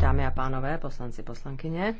Dámy a pánové, poslanci, poslankyně,